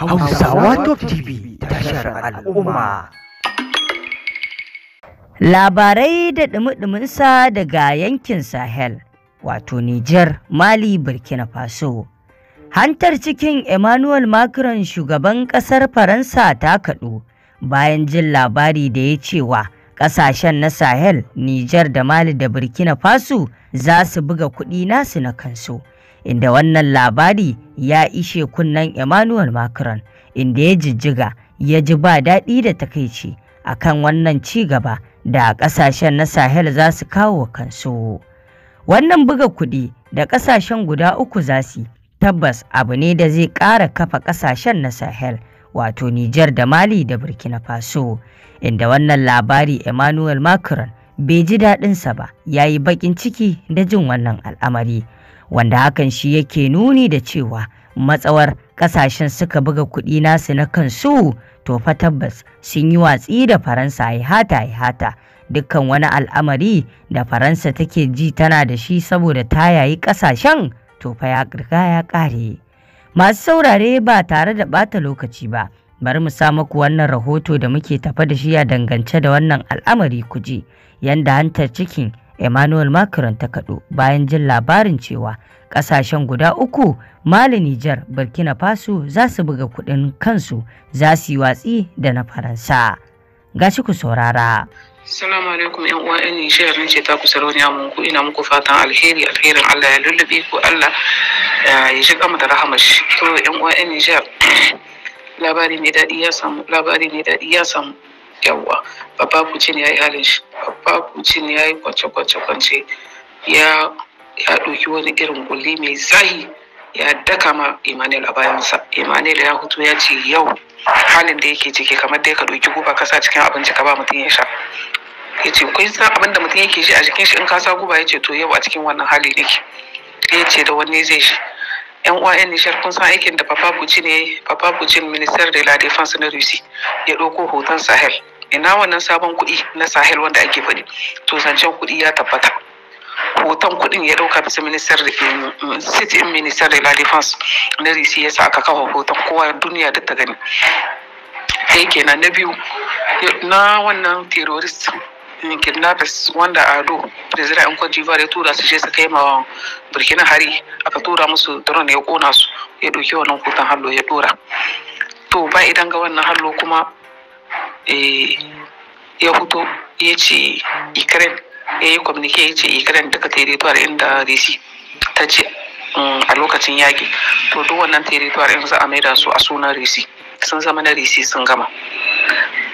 Hausawa Top TV tashar al'umma. Labarai da ɗumi-ɗuminsa daga yankin Sahel, wato Nijar, Mali, Burkina Faso. Hantar cikin Emmanuel Macron shugaban ƙasar Faransa ta kaɗu bayan jin labari da ya cewa ƙasashen na Sahel, Nijar da Mali da Burkina Faso za su buga kuɗi nasu na kansu. inda wannan labari ya ishe kunnen Emmanuel Macron inda ya jijjiga ya ji ba daɗi da takaici a kan wannan ci gaba da ƙasashen na Sahel za su kawo kansu. Wannan buga kuɗi da ƙasashen guda uku za su tabbas abu ne da zai ƙara kafa ƙasashen na Sahel wato Nijar da Mali da Burkina Faso inda wannan labari Emmanuel Macron bai ji daɗinsa ba Yayi yi baƙin ciki da jin wannan al'amari. wanda hakan shi yake nuni da cewa matsawar kasashen suka buga kuɗi nasu na kansu to fa tabbas sun yi watsi da faransa ya hata ya hata dukkan wani al'amari da faransa take ji tana da shi saboda ta yayi kasashen to fa ya ƙirga ya ƙare masu saurare ba tare da ɓata lokaci ba bari mu sa muku wannan rahoto da muke tafa da shi a dangance da wannan al'amari ku ji. yanda hantar cikin Emmanuel Macron ta kaɗo bayan jin labarin cewa ƙasashen guda uku Mali, Nijar, Burkina Faso za su buga kuɗin kansu za su yi watsi da na Faransa. shi ku saurara. Salamu alaikum yan uwa yan Nijar ne ce ta ku sarauniya mun ku ina muku fatan alheri alherin Allah ya lullube ku Allah ya shiga mu da rahamar shi. To yan uwa yan Nijar labari mai daɗi ya samu labari mai daɗi ya samu. yawwa babba kucin ya yi halin shi babba kucin ya yi kwance-kwance-kwance ya ɗauki wani irin kulli mai zahi ya daka ma Emmanuel a bayansa. Emmanuel ya hutu ya ce yau halin da yake ciki kamar dai ka ɗauki guba kasa cikin abinci ka ba mutum ya sha. Ya ce kun san abin da mutum yake shi a jikin shi in ka sa guba ya ce to yau a cikin wannan hali ne Ya ce da wani zai shi. Yan uwa yan nishar kun san aikin da Papa Putin ne Papa Putin Minister de la Défense na Rusi ya ɗauko hoton Sahel ina wannan sabon kuɗi na sahel wanda ake faɗi to zancen kuɗi ya tabbata hoton kuɗin ya ɗauka bisa ministar da mm, mm, in minister de la defense na risi ya sa aka kafa hoton kowa duniya da ta gani sai kenan na biyu na wannan terrorist mm, kidnappers wanda ado president in cote d'ivoire ya tura su je su kai ma burkina hari aka tura musu drone ya kona su ya ɗauki wannan hoton hallo ya ɗora to ba idan ga wannan hallo kuma Eh, ya fito ya ce ukraine ya yi kwamnike ya ce ukraine duka territoire inda resi ta ce mm, a lokacin yaƙi to duk wannan territoire in za a maida su a sunan resi sun zama na resi sun gama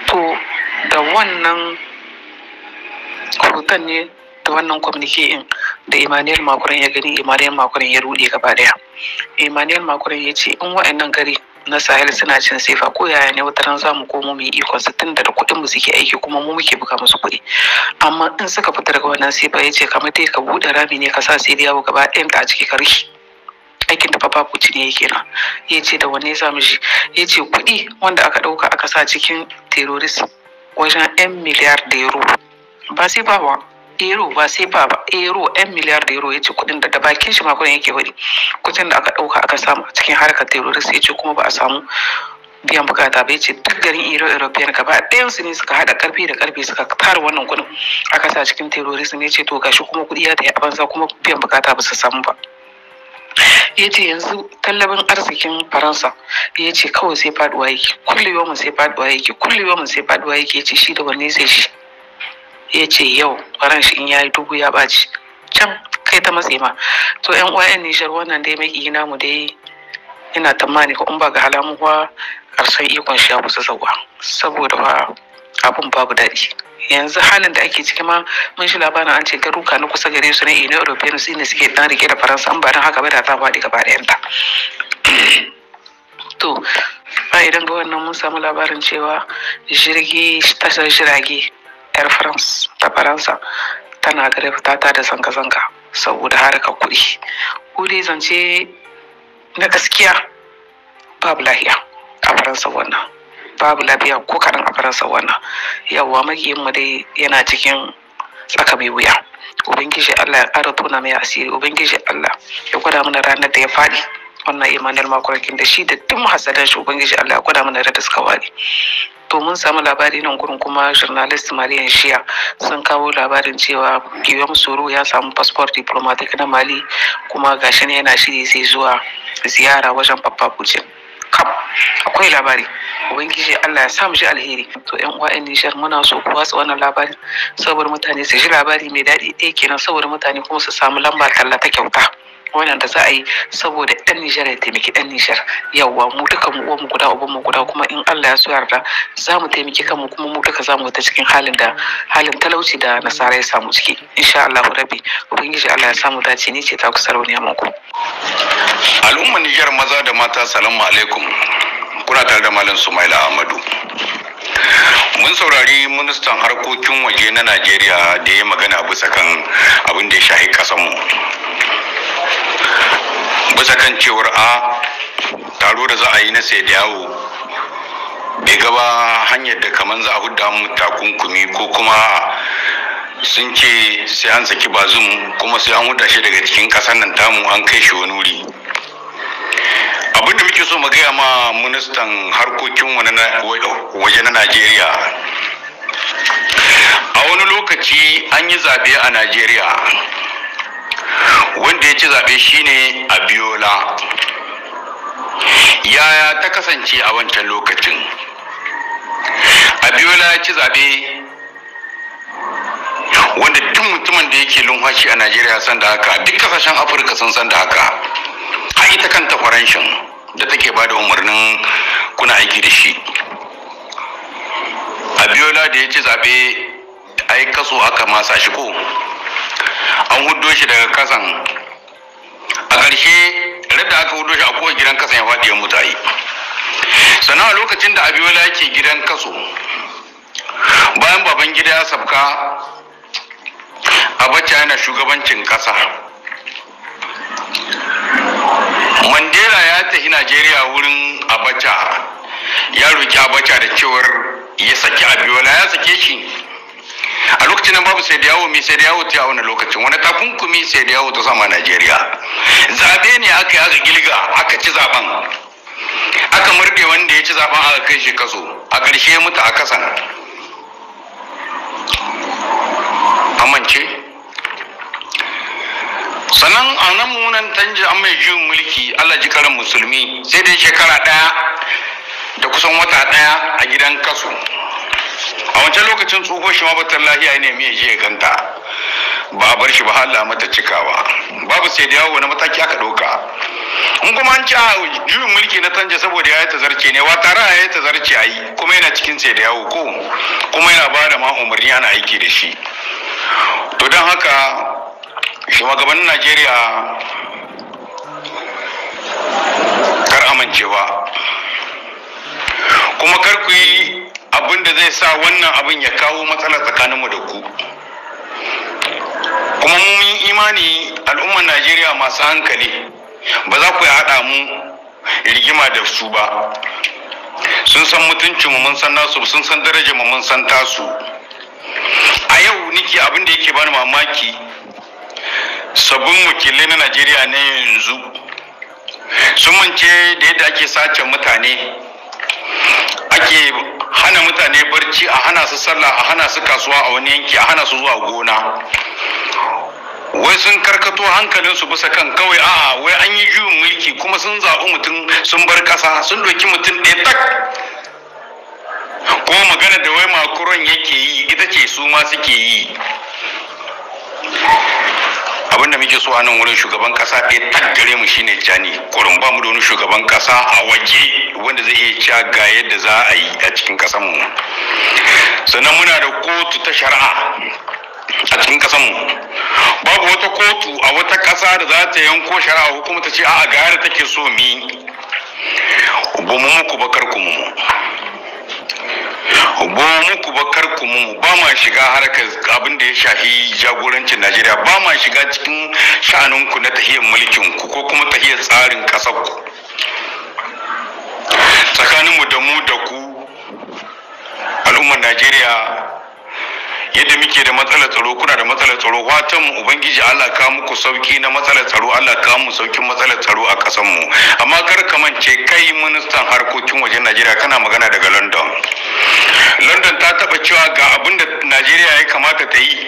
to da wannan hoton ne da wannan kwamnike in da emmanuel makurin ya gani emmanuel makurin ya rude gaba daya emmanuel makurin ya ce in wa'annan gari na sahel suna cin sefa ko yaya ne wata ran zamu komo mu yi ikon su tunda da kuɗin mu suke aiki kuma mu muke buga musu kuɗi amma in suka fita daga wannan sefa ya ce kamar dai ka buɗe rami ne ka sa sai yawo gaba ɗayan ta a ciki ka rishi aikin da papa kuci ne yake ya ce da wanne ya mu shi ya kuɗi wanda aka ɗauka aka sa cikin terrorist wajen 'yan miliyar da yaro ba sai ba euro ba sai ba euro eh, yan miliyar da euro ya ce kuɗin da bakin shi makon yake faɗi kudin da aka ɗauka aka samu a cikin harkar terrorist ya ce kuma ba a samu biyan bukata bai ce duk garin iro european gaba ɗayan su ne suka haɗa karfi da karfi suka tara wannan kuɗin aka sa cikin ne ya ce to gashi kuma kuɗi ya tafi a banza kuma biyan bukata ba su samu ba ya ce yanzu tallabin arzikin faransa ya ce kawai sai faduwa yake kullum mu sai faduwa yake kullum mu sai faduwa yake ya ce shi da wanne zai shi ya ce yau ran shi in ya yi dubu ya ɓaci can kai ta matse ma to yan uwa yan nijar wannan dai mai ina mu dai ina tamani ko in ba ga halamu kuwa karshen ikon shi ya kusa zauwa saboda ba abun babu daɗi yanzu halin da ake ciki ma mun shi labarin an ce garuka na kusa gare su na ina european na ne suke dan rike da faransa an ba don haka ba da ta faɗi gaba ɗayan ta to ba idan ga wannan mun samu labarin cewa jirgi tashar jirage yar france ta faransa tana gare ta da zanga-zanga saboda harkar kuɗi kuɗi zance na gaskiya babu lahiya a faransa wannan babu lafiya ko kaɗan a faransa wannan yawwa mu dai yana cikin tsaka mai wuya ubangiji allah ya ƙara tona mai asiri ubangiji allah ya gwada mana ranar da ya faɗi wannan Emmanuel Makwarakin da shi da duk mahasadan shi Ubangiji Allah gwada mana da suka ware. To mun samu labari nan gurin kuma journalist maria Shia sun kawo labarin cewa Guillaume Soro ya samu passport diplomatic na Mali kuma gashi ne yana shiri sai zuwa ziyara wajen Papa Putin. Kam akwai labari. Ubangiji Allah ya sa mu alheri. To ƴan uwa Nijar muna so ku watsa wannan labari saboda mutane su ji labari mai daɗi ɗaya kenan saboda mutane kuma su samu lamba talla ta kyauta. wannan da za a yi saboda ɗan Nijar ya taimaki ɗan Nijar yawa mu duka mu uwanmu guda mu guda kuma in Allah ya so yarda za mu taimaki kanmu kuma mu duka za mu ta cikin halin da halin talauci da nasara ya samu ciki insha Allah rabbi ubangiji Allah ya samu dace ni ce ta ku a mako. al'umma Nijar maza da mata salamu alaikum kuna tare da malam Sumaila Ahmadu mun saurari ministan harkokin waje na najeriya da ya magana bisa kan abin da ya shahi kasanmu bisa kan cewar a taro da za a yi na sai da yawo bai gaba hanyar da kamar za a hudu mu takunkumi ko kuma sun ce sai an saki bazum kuma sai an huda shi daga cikin kasar nan tamu an kai shi wani wuri abin muke so mu gaya ma ministan harkokin waje na najeriya a wani lokaci an yi zaɓe a najeriya wanda ya ci zaɓe shine abiola yaya ta kasance a wancan lokacin abiola ya ci zaɓe wanda duk mutumin da yake lumfashi a najeriya san da haka duk kasashen afirka sun san da haka A ita kanta faranshin da take ba da umarnin kuna aiki da shi abiola da ya ci zaɓe yi kaso aka masa shi ko an hudo shi daga kasan a ƙarshe radda aka hudo shi a kowa gidan kasan ya faɗi ya mutaye sannan a lokacin da abiola yake gidan kaso bayan baban gida ya sabka bacci yana shugabancin kasa mandela ya tafi najeriya wurin abacha ya roki abacha da cewar ya saki abiola ya sake shi a lokacin nan babu sai da yawo mi sai da yawo ta wani lokacin wani takunkumi sai da yawo ta sama Najeriya zabe ne aka yi aka gilga aka ci zaben aka murge wanda ya ci zaben aka kai shi kaso a ƙarshe ya mutu a kasan amince sannan a nan munan tanji an mai juyin mulki Allah ji karan musulmi sai dai shekara ɗaya da kusan wata ɗaya a gidan kaso a wancan lokacin tsoho shi ma batar lahiya ne mai je ganta ba a bar shi ba hala mata cikawa babu sai da yawo wani mataki aka ɗauka in kuma an ci a juyin mulki na tanja saboda ya yi ta zarce ne wa tare ya yi zarce a yi kuma yana cikin sai da yawo ko kuma yana ba da ma umarni ana aiki da shi to don haka shugabannin najeriya kar amincewa kuma kar ku yi zai sa wannan abin ya kawo matsala tsakaninmu da ku kuma mun imani al'ummar najeriya masu hankali ba za ku ya haɗa mu rigima da su ba sun san mutuncin mu mun san nasu sun san darajar mu mun san tasu a yau niki abin da yake bani mamaki sabbin wakilai na najeriya ne yanzu sun mance da yadda ake sace mutane ake hana mutane barci a hana su sallah a hana su kasuwa a wani yanki a hana su zuwa gona wai sun karkato hankalin su bisa kan kawai a wai an yi juyin mulki kuma sun zaɓi mutum sun bar ƙasa sun ɗauki mutum ɗaya tak kuma magana da wai makuron yake yi ita ce su ma suke yi abin da muke so a nan wurin shugaban kasa ɗaya tattare mu shine jani kurum ba mu da wani shugaban kasa a waje wanda zai iya cewa ga yadda za a yi a cikin kasan mu sannan muna da kotu ta shari'a a cikin kasan mu babu wata kotu a wata kasa da za ta yanko shari'a hukumta ce a'a ga yadda take so mi ba mu muku bakar ku mu ba muku ba kar ku mu ba ma shiga harkar abin da ya shafi jagorancin Najeriya ba ma shiga cikin sha'anin ku na tahiyar mulkin ku ko kuma tahiyar tsarin kasar ku tsakanin mu da mu da ku al'ummar Najeriya yadda muke da matsalar tsaro kuna da matsalar tsaro watan ubangiji Allah ka muku sauki na matsalar tsaro Allah ka mu saukin matsalar tsaro a kasan mu amma kar ka mance kai ministan harkokin wajen Najeriya kana magana daga London London ta taba cewa ga abin da Najeriya ya kamata ta yi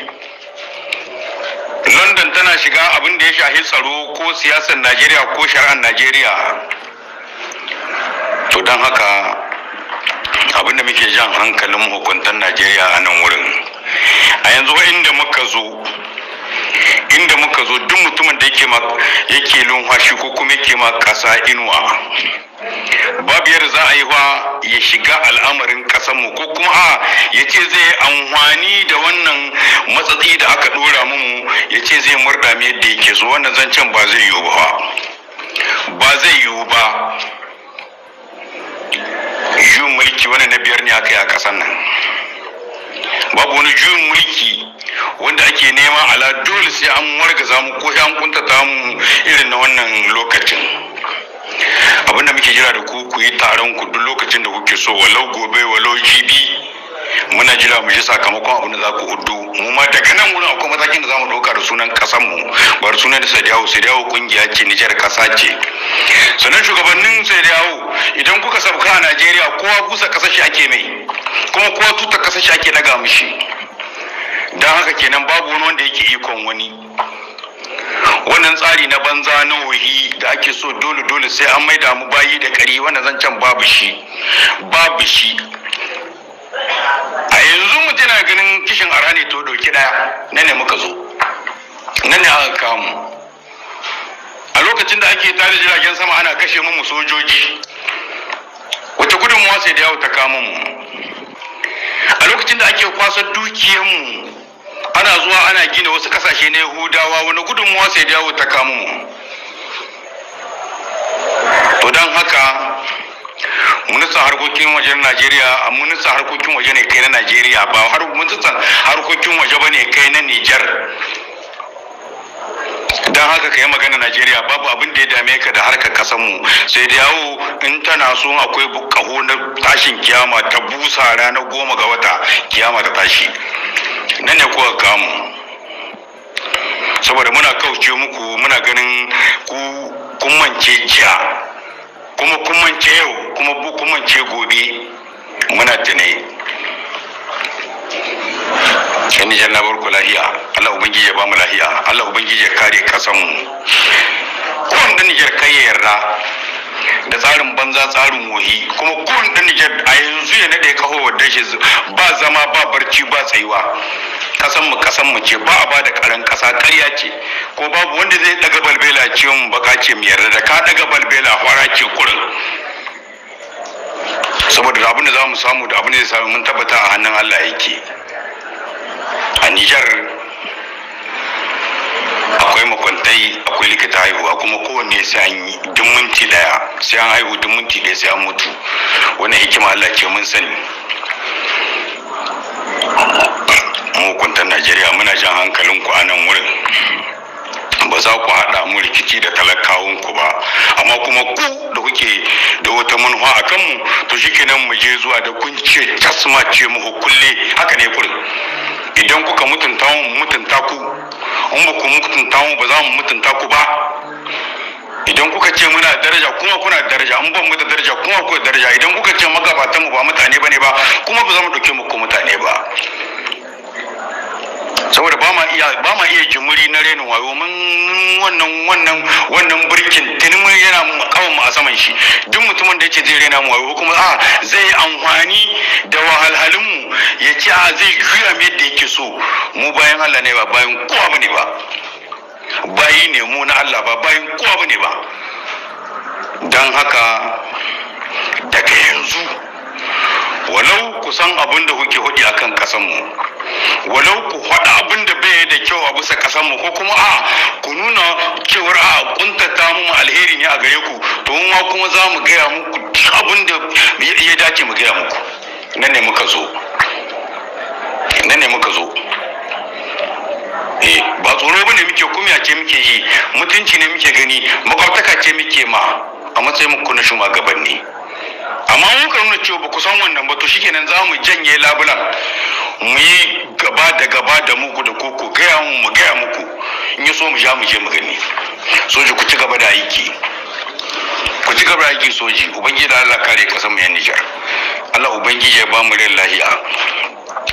London tana shiga abin da ya shahi tsaro ko siyasar Najeriya ko shari'ar Najeriya to don haka abin muke jan hankalin hukuntan Najeriya a nan wurin a yanzu inda muka zo inda muka zo duk mutumin da yake yake lunhashi ko kuma yake ma kasa inuwa babu yadda za a yi wa ya shiga al'amarin mu ko kuma a ya ce zai amfani da wannan matsatsi da aka dora mu ya ce zai murda mu yadda yake so wannan zancen ba zai yiwu ba ba zai yiwu ba yiwu mulki wani na biyar ne aka yi a ƙasar nan babu wani juyin mulki wanda ake nema ala dole sai an warga mu ko sai an kuntata mu irin na wannan lokacin abinda muke jira da ku ku yi taron ku duk lokacin da kuke so walau gobe walau jibi muna jira mu ji sakamakon abin da za ku hudu mu ma daga nan wurin akwai matakin da za mu ɗauka da sunan ƙasar mu bar sunan da sadiyawo sadiyawo kungiya ce nijar ƙasa ce sannan shugabannin sadiyawo idan kuka sabka a najeriya kowa kusa ƙasashe ake mai kuma kowa tuta kasa shi ake daga mishi don haka kenan babu wani wanda yake ikon wani wannan tsari na banza na wahi da ake so dole dole sai an maida mu bayi da kari wannan zancen babu shi babu shi a yanzu mutum na ganin kishin ara ne to doki daya na ne muka zo Na ne aka kamu a lokacin da ake tare jiragen sama ana kashe mu sojoji wata gudunmuwa sai da yawo ta kamun mu a lokacin da ake kwasa dukiyanmu ana zuwa ana gina wasu kasashe na yahudawa wani gudunmuwa sai dawo ta kamu to don haka ministan harkokin wajen najeriya a ministan harkokin waje ne kai na najeriya ba har ministan harkokin waje ba ne kai na nijar don haka ka yi magana najeriya babu abin da ya dame ka da harkar kasan mu sai da yawo in tana so akwai kaho na tashin kiyama ta busa ranar goma ga wata kiyama ta tashi nan ne kuka kamu saboda muna kauce muku muna ganin ku kummance jiya kuma kummance yau kuma bu kumance gobe muna tunai yan janna na barku lahiya Allah ubangiji ya bamu lahiya Allah ubangiji ya kare kasan mu kun dan Nijar kai yarda da tsarin banza tsarin wohi kuma kun dan Nijar a yanzu ya nade kaho wadda shi ba zama ba barci ba tsayuwa kasan mu kasan mu ce ba a ba da karan kasa ƙarya ce ko babu wanda zai daga balbela ce mu baka ce mu yarda da ka daga balbela fara ce kurin saboda abin da za mu samu da abin da zai samu mun tabbata a hannun Allah yake a Nijar akwai makwantai akwai likita haihuwa kuma kowanne sai an yi duk minti daya sai an haihu duk minti daya sai an mutu wani hikima Allah ce mun sani mahukuntan Najeriya muna jan ku a nan wurin ba za ku haɗa mu rikici da talakawun ku ba amma kuma ku da kuke da wata manufa a kanmu to shikenan mu je zuwa da kun ce tasma ce mu kulle haka ne kurin idan kuka mutunta mu mutunta ku in ba ku mutunta mu ba za mu mutunta ku ba idan kuka ce muna daraja kuma kuna daraja in ban mu da daraja kuma ku daraja idan kuka ce magabatan mu ba mutane bane ba kuma ba za mu dauke muku mutane ba saboda ba ma iya ba ma iya jumuri na renin wayo mun wannan wannan wannan burkin tinimin yana kawon mu a saman shi duk mutumin da yake zai rena mu wayo kuma a zai amfani da wahalhalun mu ya ce a zai juya mu yadda yake so mu bayan Allah ne ba bayan kowa bane ba bayi ne mu na Allah ba bayan kowa bane ba dan haka daga yanzu walau kusan abin da kuke hudi akan kasan mu walau ku faɗa abin da bai da kyau a bisa ƙasar mu ko kuma a ku nuna cewar a kuntata mu alheri ne a gare ku to mu kuma za mu gaya muku duk abin da ya dace mu gaya muku nan ne muka zo nan ne muka zo eh, ba tsoro bane muke kuma ce muke yi mutunci ne muke gani makwabtaka ce muke ma a matsayin muku na shugabanni amma mun ka nuna cewa ba ku san wannan ba to shikenan za mu janye labulan mu yi gaba da gaba da muku da koko gaya mu mu gaya muku in ya so mu ja mu je mu gani soji ku ci gaba da aiki ku ci gaba da aiki soji ubangiji da Allah kare kasar mu yan Nijar Allah ubangiji ya ba mu ran lahiya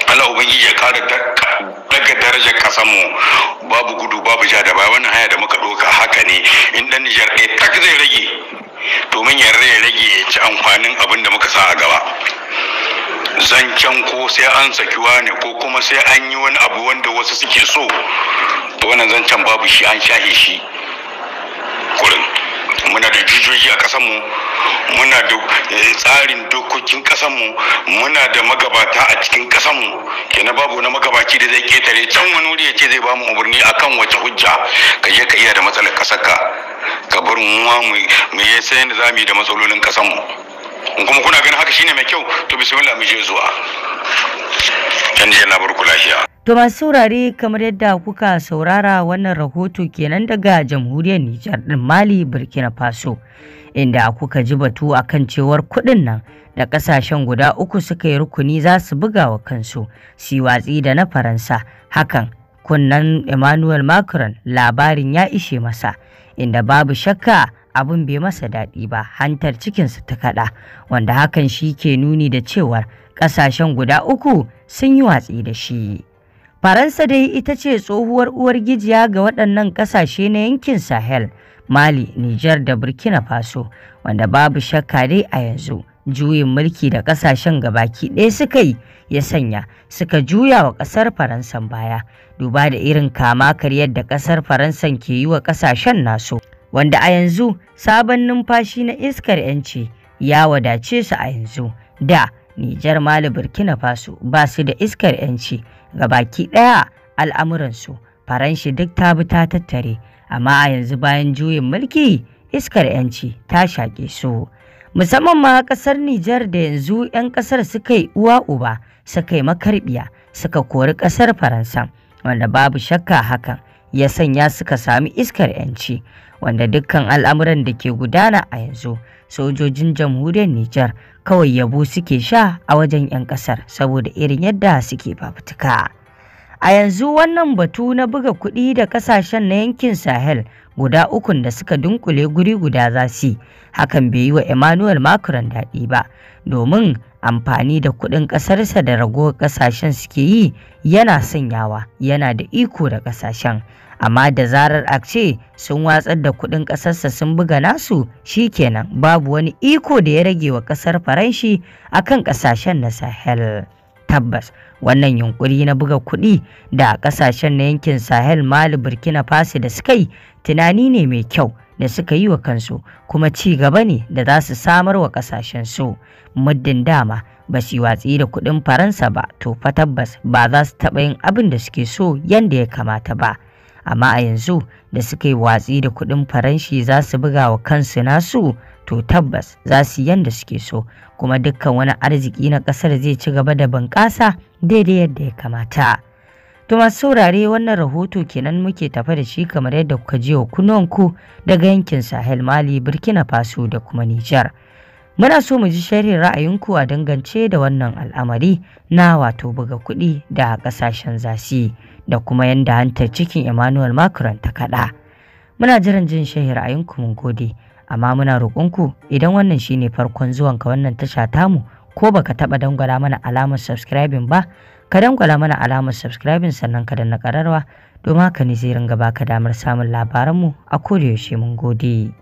Allah ubangiji ya kare daga darajar kasar mu babu gudu babu ja da baya wannan haya da muka doka haka ne in dan Nijar ɗaya tak zai rage domin ya rage ya ci amfanin abin da muka sa a gaba zancen ko sai an sakiwa ne ko kuma sai an yi wani abu wanda wasu suke so to wannan zancen babu shi an shahe shi kurin muna da jijiyoyi a ƙasanmu muna da eh, tsarin dokokin ƙasanmu muna da magabata a cikin ƙasanmu kenan babu na magabaci da zai ketare can wani wuri ya ce zai bamu umarni akan wace hujja ka je ka iya da matsalar ƙasarka ka bar mu mu yi sayan da za mu yi da matsalolin ƙasanmu kuma kuna ganin haka shine mai kyau to bismillah mu je zuwa dan je na barku lafiya to masu saurari kamar yadda kuka saurara wannan rahoto kenan daga jamhuriyar Nijar din Mali Burkina Faso inda kuka ji batu akan cewar kuɗin nan da kasashen guda uku suka yi rukuni za su buga wa kansu si watsi da na Faransa hakan kunnan Emmanuel Macron labarin ya ishe masa inda babu shakka abin bai masa daɗi ba hantar cikinsu ta kaɗa wanda hakan shi ke nuni da cewar ƙasashen guda uku sun yi watsi da shi. Faransa dai ita ce tsohuwar uwar gijiya ga waɗannan ƙasashe na yankin Sahel, Mali, Nijar da Burkina Faso, wanda babu shakka dai a yanzu. Juyin mulki da ƙasashen gabaki ɗaya suka yi ya sanya suka juya wa ƙasar Faransan baya, duba da irin kama karyar da ƙasar Faransan ke yi wa ƙasashen nasu. wanda a yanzu sabon numfashi na iskar 'yanci ya wadace su a yanzu da Nijar Mali Burkina Faso ba su da iskar 'yanci ga baki ɗaya al'amuransu faranshi duk ta bi ta tattare amma a yanzu bayan juyin mulki iskar 'yanci ta shaƙe su musamman ma ƙasar Nijar da yanzu 'yan ƙasar suka yi uwa uba suka yi makarbiya suka kori ƙasar Faransa wanda babu shakka hakan ya sanya suka sami iskar 'yanci wanda dukkan al'amuran da ke gudana a yanzu sojojin jamhuriyar Nijar kawai yabo suke sha a wajen 'yan kasar saboda irin yadda suke fafutuka. A yanzu wannan batu na buga kuɗi da kasashen na yankin Sahel guda ukun da suka dunkule guri guda za su hakan bai yi wa Emmanuel Macron daɗi ba domin amfani da kuɗin ƙasarsa da ragowar ƙasashen suke yi yana sanyawa yana da iko da ƙasashen amma da zarar a ce sun watsar da kuɗin ƙasarsa sun buga nasu shi kenan, babu wani iko da ya rage wa ƙasar faranshi a kan ƙasashen na sahel tabbas wannan yunkuri na buga kuɗi da ƙasashen na yankin sahel mali burkina faso da suka yi tunani ne mai kyau da suka yi wa kansu kuma ci gaba ne da za su samar wa ƙasashen su muddin dama ba su watsi da kuɗin faransa ba to fa tabbas ba za su taɓa yin abin da suke so yadda ya kamata ba amma a yanzu da suka yi watsi da kuɗin faranshi za su buga wa kansu nasu to tabbas za su yi suke so kuma dukkan wani arziki na ƙasar zai ci gaba da bunƙasa daidai yadda ya kamata. To masu saurare wannan rahoto kenan muke tafa da shi kamar yadda kuka je wa kunonku daga yankin Sahel Mali, Burkina Faso da kuma Nijar. Muna so mu ji sharhin ra'ayinku a dangance da wannan al'amari na wato buga kuɗi da ƙasashen zasi. da kuma yadda hantar cikin Emmanuel Macron ta kaɗa. Muna jiran jin shehi ra'ayinku mun gode, amma muna roƙonku idan wannan shine farkon zuwan ka wannan tasha tamu ko baka taɓa dangwala mana alamar subscribing ba, ka dangwala mana alamar subscribing sannan ka danna ƙararwa domin haka ne zai ringa baka damar samun labaranmu a kodayaushe mun gode.